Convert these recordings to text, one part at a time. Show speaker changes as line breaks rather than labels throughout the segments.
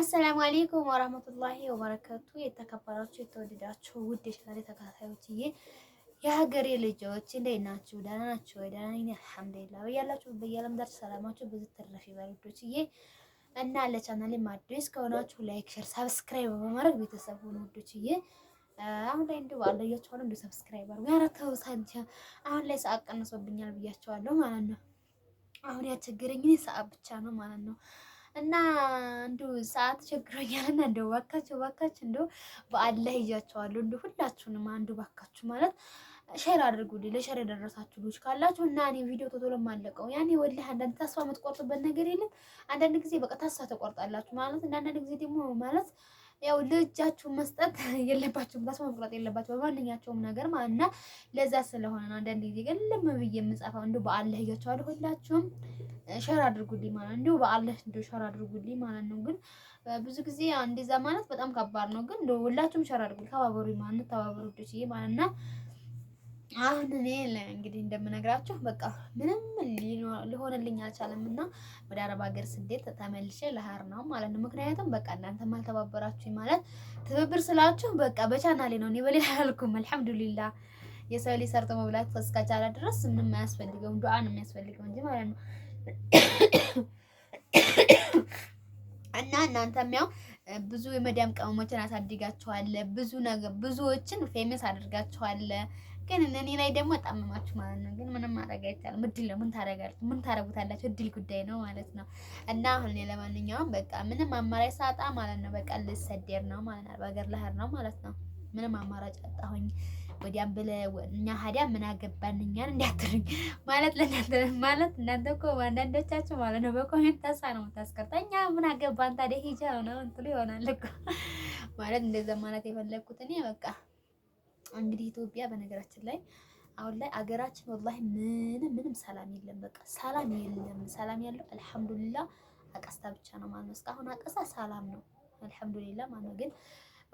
አሰላሙ አሌይኩም ወራህመቱላሂ ወበረከቱ። የተከበራችሁ የተወደዳችሁ ውድ የቻናሌ ተከታታዮችዬ የሀገሬ ልጆች እንዴት ናችሁ? ደህና ናችሁ ወይ? ደህና ነኝ አልሐምዱሊላህ። ያላችሁ በየዓለም ዳር ሰላማችሁ ብዙ ትረፍ ይበልዶችዬ እና ለቻናሌ አዲስ ከሆናችሁ ላይክ፣ ሼር፣ ሰብስክራይብ በማድረግ ቤተሰብ ሁኑ ውዶችዬ። አሁን ላይ እንዲሁ አላያችኋለሁ እንዲሁ ሰብስክራይብ አድርጉ። ኧረ አሁን ላይ ሰዓት ቀንሶብኛል ብያቸዋለሁ ማለት ነው። አሁን ያቸገረኝ ሰዓት ብቻ ነው ማለት ነው። እና እንዱ ሰዓት ቸግሮኛል እና እንደው ባካችሁ ባካችሁ እንደው በአላህ ይዣቸዋለሁ እንዱ ሁላችሁንም አንዱ ባካችሁ ማለት ሼር አድርጉልኝ ለሼር የደረሳችሁ ልጅ ካላችሁ እና እኔ ቪዲዮ ቶቶሎ ማለቀው ያኔ ወላሂ አንዳንድ ተስፋ የምትቆርጥበት ነገር የለም። አንዳንድ ጊዜ በቃ ተስፋ ተቆርጣላችሁ ማለት እና አንዳንድ ጊዜ ደግሞ ማለት ያው ልጃችሁን መስጠት የለባችሁም፣ ተስፋ መቁረጥ የለባችሁ በማንኛቸውም ነገር ማለት እና ለዛ ስለሆነ ነው። አንዳንድ ጊዜ ግን ልም ብዬ የምጻፈው እንዲሁ በአላህ እያቸዋለሁ። ሁላችሁም ሸር አድርጉልኝ ማለት እንዲሁ በአላህ እንዲሁ ሸር አድርጉልኝ ማለት ነው። ግን ብዙ ጊዜ እንደዛ ማለት በጣም ከባድ ነው። ግን ሁላችሁም ሸር አድርጉልኝ፣ ተባበሩ ማለት ተባበሩ ማለት እና አሁን እኔ እንግዲህ እንደምነግራችሁ በቃ ምንም ሊሆንልኝ አልቻለም እና ወደ አረብ ሀገር ስደት ተመልሼ ለሀር ነው ማለት ነው። ምክንያቱም በቃ እናንተ አልተባበራችሁኝ ማለት ትብብር ስላችሁ በቃ በቻናሌ ነው። እኔ በሌላ አልኩም። አልሐምዱሊላ የሰው ልጅ ሰርቶ መብላት እስከቻለ ድረስ ምንም አያስፈልገውም፣ ዱዓ ነው የሚያስፈልገው እንጂ ማለት ነው። እና እናንተም ያው ብዙ የመዲያም ቀመሞችን አሳድጋችኋለ፣ ብዙ ነገር ብዙዎችን ፌመስ አድርጋችኋለ ግን እኔ ላይ ደግሞ ጣመማችሁ ማለት ነው። ግን ምንም ማድረግ አይቻልም። እድል ነው። ምን ታደርጋላችሁ? ምን ታደርጉታላችሁ? እድል ጉዳይ ነው ማለት ነው። እና አሁን ለማንኛውም በቃ ምንም አማራጭ ሳጣ ማለት ነው በቃ ልሰደር ነው ማለት ነው። በሀገር ለሀር ነው ማለት ነው። ምንም አማራጭ አጣሁኝ። ወዲያም ብለ እኛ ሀዲያ ምን አገባን እኛን እንዳትሉኝ ማለት ለእናንተ ማለት እናንተ እኮ አንዳንዶቻችሁ ማለት ነው በኮሜንት ተስፋ ነው የምታስቀርታ እኛ ምን አገባን ታዲያ ሂጃ ነው እንትሉ ይሆናል እኮ ማለት እንደዛ ማለት የፈለግኩት እኔ በቃ እንግዲህ ኢትዮጵያ በነገራችን ላይ አሁን ላይ አገራችን ወላሂ ምንም ምንም ሰላም የለም። በቃ ሰላም የለም። ሰላም ያለው አልሐምዱሊላ አቀስታ ብቻ ነው ማለት ነው። እስካሁን አቀሳ ሰላም ነው አልሐምዱሊላ ማለት ነው። ግን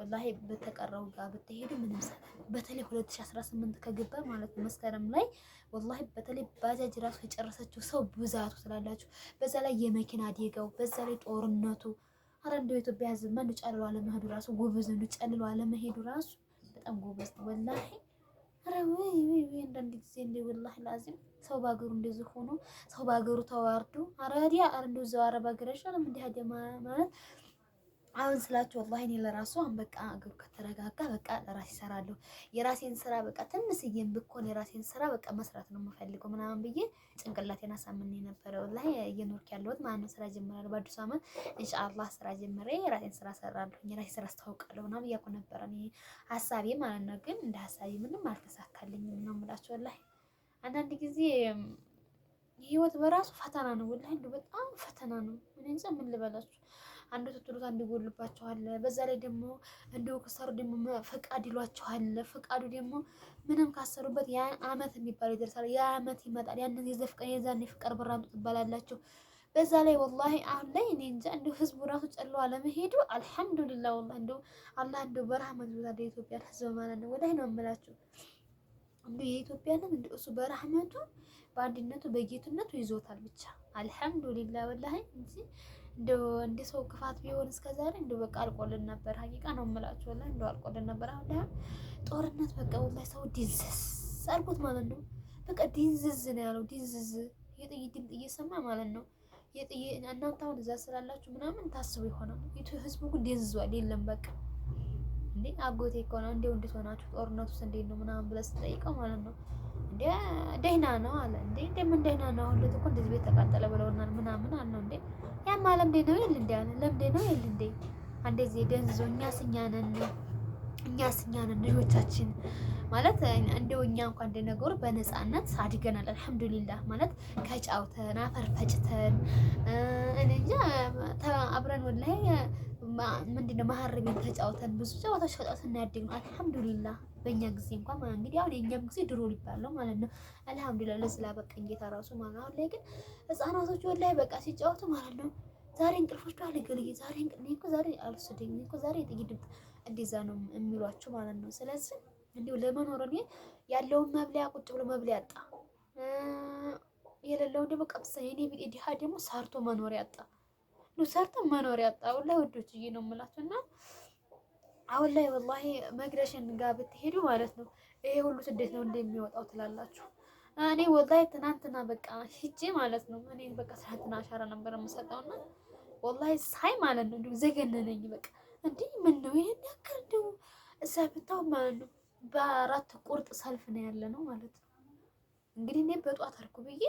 ወላሂ በተቀረው ጋር ብትሄዱ ምንም ሰላም በተለይ 2018 ከገባ ማለት ነው መስከረም ላይ ወላሂ በተለይ ባጃጅ ራሱ የጨረሰችው ሰው ብዛቱ ስላላችሁ፣ በዛ ላይ የመኪና አደጋው፣ በዛ ላይ ጦርነቱ። አረ እንደው ኢትዮጵያ ህዝብ ማን ጨልሎ አለመሄዱ ራሱ ጎበዝ ነው። ጨልሎ አለመሄዱ ራሱ በጣም ጎበዝ ወላሂ። አንዳንድ ጊዜ እንደ ወላሂ ላዚም ሰው በሀገሩ እንደዚህ ሆኖ ሰው በሀገሩ ተዋርዶ አራዲያ እንደዚያው አረብ ሀገር አይሻልም እንዲህ ማለት አሁን ስላችሁ ወላሂ እኔ ለራሱ አሁን በቃ እግሩ ከተረጋጋ በቃ ለራሴ እሰራለሁ። የራሴን ስራ በቃ ትንሽዬም ብኮን የራሴን ስራ በቃ መስራት ነው የምፈልገው ምናምን ብዬ ጭንቅላቴን አሳምኜ ነበረ። ወላሂ እየኖርክ ያለሁት ማለት ነው ስራ ጀምራለሁ። በአዲሱ ዓመት ኢንሻአላህ ስራ ጀምሬ የራሴን ስራ እሰራለሁ፣ የራሴ ስራ አስተዋውቃለሁ ምናምን እያልኩ ነበረ እኔ ሀሳቤ ማለት ነው። ግን እንደ ሀሳቤ ምንም አልተሳካልኝም ነው የምላችሁ ወላሂ። አንዳንድ ጊዜ ህይወት በራሱ ፈተና ነው ወላሂ፣ እንደው በጣም ፈተና ነው። እኔ እንጃ ምን ልበላችሁ አንዱ ስትሉት አንዱ ይጎልባችኋል። በዛ ላይ ደግሞ እንደው ከሰሩ ደግሞ ፈቃድ ይሏችኋል። ፈቃዱ ደግሞ ምንም ካሰሩበት ያ አመት የሚባል ይደርሳል። ያ አመት ይመጣል። ያን የዘፍቀን የዛን የፍቃድ ብራን ትባላላችሁ። በዛ ላይ ወላሂ አሁን ላይ እኔ እንጃ እንደው ህዝቡ ራሱ ጨለዋ ለመሄዱ አልሐምዱሊላህ ወላሂ እንደው አላህ እንደው በረሃም አድርጎታል በኢትዮጵያ ህዝብ ማለት ነው። ወላሂ ነው የምላችሁ እንደ የኢትዮጵያንም እንደ እሱ በረህመቱ በአንድነቱ በጌትነቱ ይዞታል። ብቻ አልሐምዱሊላህ ወላሂ እንጂ እንደ ሰው ክፋት ቢሆን ላይ እንደ በቃ አልቆልን ነበር። ሀቂቃ ነው የምላችሁ ወላሂ እንደ አልቆልን ነበር። አሁን ላይ ጦርነት በቃ ወላሂ ሰው ዲንዝዝ ማለት ነው። በቃ ዲንዝዝ ነው ያለው። ዲንዝዝ የጥይት ድምፅ እየሰማ ማለት ነው። እናንተ አሁን እዛ ስላላችሁ ምናምን ታስቡ ይሆናል። ቤቱ ህዝቡ ግን ዲንዝዟል። የለም በቃ እንዴ አጎቴ ከሆነ እንዲው እንዴት ሆናችሁ ጦርነቱ ውስጥ እንዴት ነው ምናምን ብለህ ስጠይቀው ማለት ነው እንደ ደህና ነው አለ። እንደ እንደምን ደህና ነው? አሁን እኮ እንደዚህ ቤት ተቃጠለ ብለውናል ምናምን አለ እንዴ ያም አለም ነው የለ እንዴ አለ። ለምዴ ነው የለ እንዴ እንደዚህ ደንዝዞ እኛ ስኛ እኛ ስኛ ልጆቻችን ማለት እንደው እኛ እንኳን እንደነገሩ በነፃነት አድገናል። አልሐምዱሊላህ ማለት ከጫውተን አፈር ፈጭተን እኔ እንጃ አብረን ወላሂ ምንድነው መሀረቤን ተጫውተን ብዙ ጨዋታዎች ተጫውተን እናያደግ አልሐምዱሊላ በእኛ ጊዜ እንኳን ማለት እንግዲህ አሁን የእኛም ጊዜ ድሮ ሊባል ማለት ነው። አልሐምዱሊላ ለስላ በቃ እንጌታ ራሱ ማለት አሁን ላይ ግን ህፃናቶች ወላሂ በቃ ሲጫወቱ ማለት ነው። ዛሬ እንቅልፎቹ አለገልዬ ዛሬ እንቅልፍ ዛሬ አልወሰደኝ እኮ ዛሬ የጥይት ድምፅ እንደዛ ነው የሚሏቸው ማለት ነው። ስለዚህ እንዲሁ ለመኖር እኔ ያለውን መብለያ ቁጭ ብሎ መብለያ ያጣ የሌለውን ደግሞ ቀብሰ የኔ ቢጤ ድሃ ደግሞ ሰርቶ መኖር ያጣ ሰርተ መኖር ያጣው ላይ ወዶች ይይ ነው የምላችሁ እና አሁን ላይ ወላሂ መግረሽን ጋር ብትሄዱ ማለት ነው ይሄ ሁሉ ስደት ነው እንደሚወጣው ትላላችሁ። እኔ ወላሂ ትናንትና በቃ ሂጄ ማለት ነው እኔ በቃ ትናንትና አሻራ ነበር የምሰጠውና ወላሂ ሳይ ማለት ነው እንዲሁ ዘገነነኝ። በቃ እንዴ ምን ነው ይሄን ያክል እንዲሁ እዛ ብታው ማለት ነው በአራት ቁርጥ ሰልፍ ነው ያለ ነው ማለት ነው እንግዲህ እኔ በጧት አልኩ ብዬ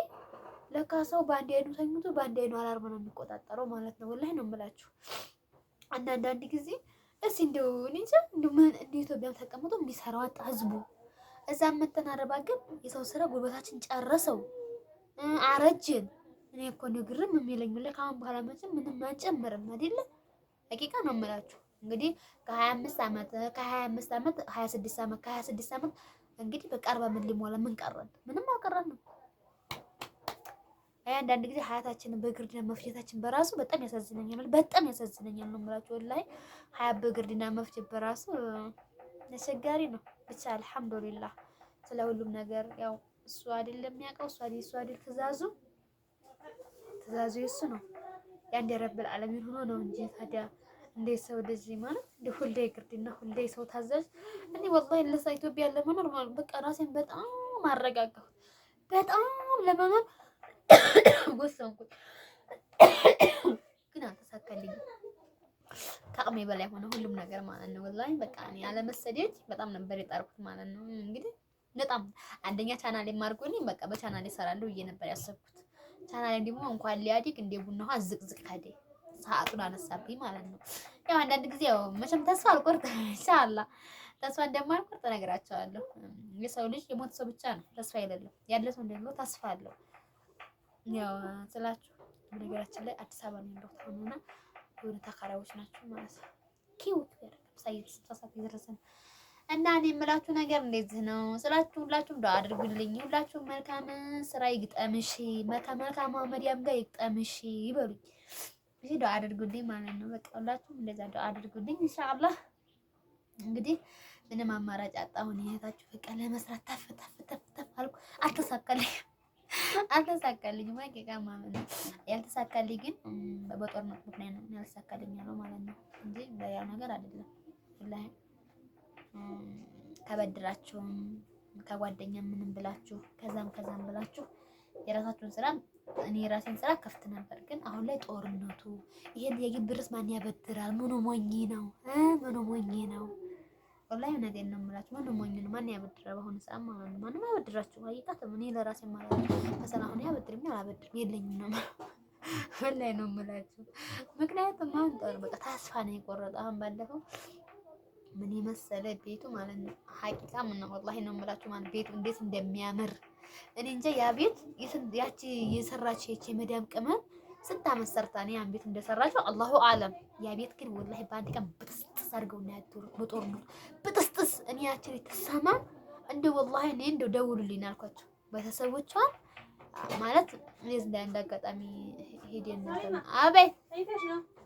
ለካ ሰው በአንድ አይኑ ተኝቶ በአንድ አይኑ አላርም ነው የሚቆጣጠረው ማለት ነው። ወላሂ ነው የምላችሁ። አንዳንድ ጊዜ እስ እንደው እንጃ እንደ ኢትዮጵያ ተቀምጦ የሚሰራው አጣ ህዝቡ። እዛ መተናረባ ግን የሰው ስራ ጉልበታችን ጨረሰው፣ አረጅን። እኔ እኮ ንግርም ግርም የሚለኝ። ለካ አሁን በኋላ መቼም ምንም አንጨምርም አይደለ? ደቂቃ ነው የምላችሁ እንግዲህ ከ25 ዓመት ከ25 ዓመት 26 ዓመት ከ26 ዓመት እንግዲህ በቃ 40 ምን ሊሞላ ምን ቀረን? ምንም አልቀረንም። አይ አንዳንድ ጊዜ ሀያታችንን በግርድና መፍጀታችን በራሱ በጣም ያሳዝነኛል፣ በጣም ያሳዝነኛል ነው የምላችሁ። ወላሂ ሀያ በግርድና መፍጀት በራሱ አስቸጋሪ ነው። ብቻ አልሐምዱሊላህ ስለ ሁሉም ነገር ያው እሱ አይደል የሚያውቀው እሱ አይደል እሱ አይደል ትእዛዙ ትእዛዙ የሱ ነው። የአንድ የረብል ዓለሚን ሆኖ ነው እንጂ ታዲያ እንዴት ሰው እንደዚህ ማለት እንደ ሁሌ ግርድና ሁሌ ሰው ታዛዥ። እኔ ወላሂ ለዛ ኢትዮጵያ ለመኖር ማለት በቃ ራሴን በጣም አረጋጋሁ። በጣም ለመኖር ወሰንኩኝ፣ ግን አልተሳካልኝም። ከአቅሜ በላይ ሆነ ሁሉም ነገር ማለት ነው። ወላሂ በቃ እኔ አለመሰደድ በጣም ነበር የጣርኩት ማለት ነው። እንግዲህ በጣም አንደኛ ቻናሌ ማርጎኝ በቃ በቻናሌ እሰራለሁ ብዬ ነበር ያሰብኩት። ቻናሌ ደግሞ እንኳን ሊያድግ እንደ ቡና ዝቅዝቅ ካደ ሰዓቱን አነሳብኝ ማለት ነው። ያው አንዳንድ ጊዜ ያው መቼም ተስፋ አልቆርጥ ኢንሻአላህ ተስፋ እንደማልቆርጥ እነግራቸዋለሁ። የሰው ልጅ የሞት ሰው ብቻ ነው ተስፋ አይደለም፣ ያለ ሰው ደግሞ ተስፋ አለው። ያው ስላችሁ ነገራችን ላይ አዲስ አበባ ነው ያለው ተሆነና የሆነ ተካራዎች ናቸው ማለት ነው። ኪውት ሳይት ተሳሳት የደረሰን እና እኔ የምላችሁ ነገር እንደዚህ ነው ስላችሁ፣ ሁላችሁም ዱአ አድርጉልኝ። ሁላችሁም መልካም ስራ ይግጠምሽ፣ መልካም መልካም መዲያም ጋር ይግጠምሽ ይበሉኝ። እሺ ዱአ አድርጉልኝ ማለት ነው። በቃ ሁላችሁም እንደዛ ዱአ አድርጉልኝ ኢንሻአላህ። እንግዲህ ምንም አማራጭ አጣሁን ይሄታችሁ በቃ ለመስራት ተፍ ተፍ ተፍ ታፍ አልኩ። አልተሳካልኝ አልተሳካልኝ ማቄቃ ማለት ነው። ያልተሳካልኝ ግን በጦርነት ምክንያት ነው ያልተሳካልኝ ያለው ማለት ነው እንጂ በያው ነገር አይደለም። ወላሂ ከበድራችሁም ከጓደኛ ምንም ብላችሁ ከዛም ከዛም ብላችሁ የራሳችሁን ስራ እኔ የራሴን ስራ ከፍት ነበር፣ ግን አሁን ላይ ጦርነቱ ይሄን የግብርስ ማን ያበድራል? ምኑ ሞኝ ነው? ምኑ ሞኝ ነው? ወላሂ ነገ ነው የምላችሁ። ምኑ ሞኝ ነው? ማን ያበድራል? በአሁኑ ሰዓት ማለት ነው ማንም ያበድራችሁ አይጣት። እኔ ለራሴ ማለት ከሰላ አሁን ያበድርም አላበድርም የለኝም ነው ወላሂ ነው የምላችሁ። ምክንያቱም አሁን ጦር በቃ ተስፋ ነው የቆረጠው። አሁን ባለፈው ምን የመሰለ ቤቱ ማለት ነው ሀቂቃ ምን ነው ወላሂ ነው የምላችሁ ማለት ቤቱ እንዴት እንደሚያምር እኔ እንጃ ያ ቤት ያቺ የሰራች የቼ መዳም ቅመም ስንት ዓመት ሰርታ ነው ያን ቤት እንደሰራችው አላሁ አለም። ያ ቤት ግን ወላሂ በአንድ ቀን ብጥስጥስ አድርገው ነው ያጥሩ በጦርነት ብጥስጥስ። እኔ ያቺን ተሰማ እንደ ወላሂ እኔ እንደ ደውሉልኝ አልኳቸው ቤተሰቦቿን ማለት እኔ እንደ አጋጣሚ ሄደን ነበር። አቤት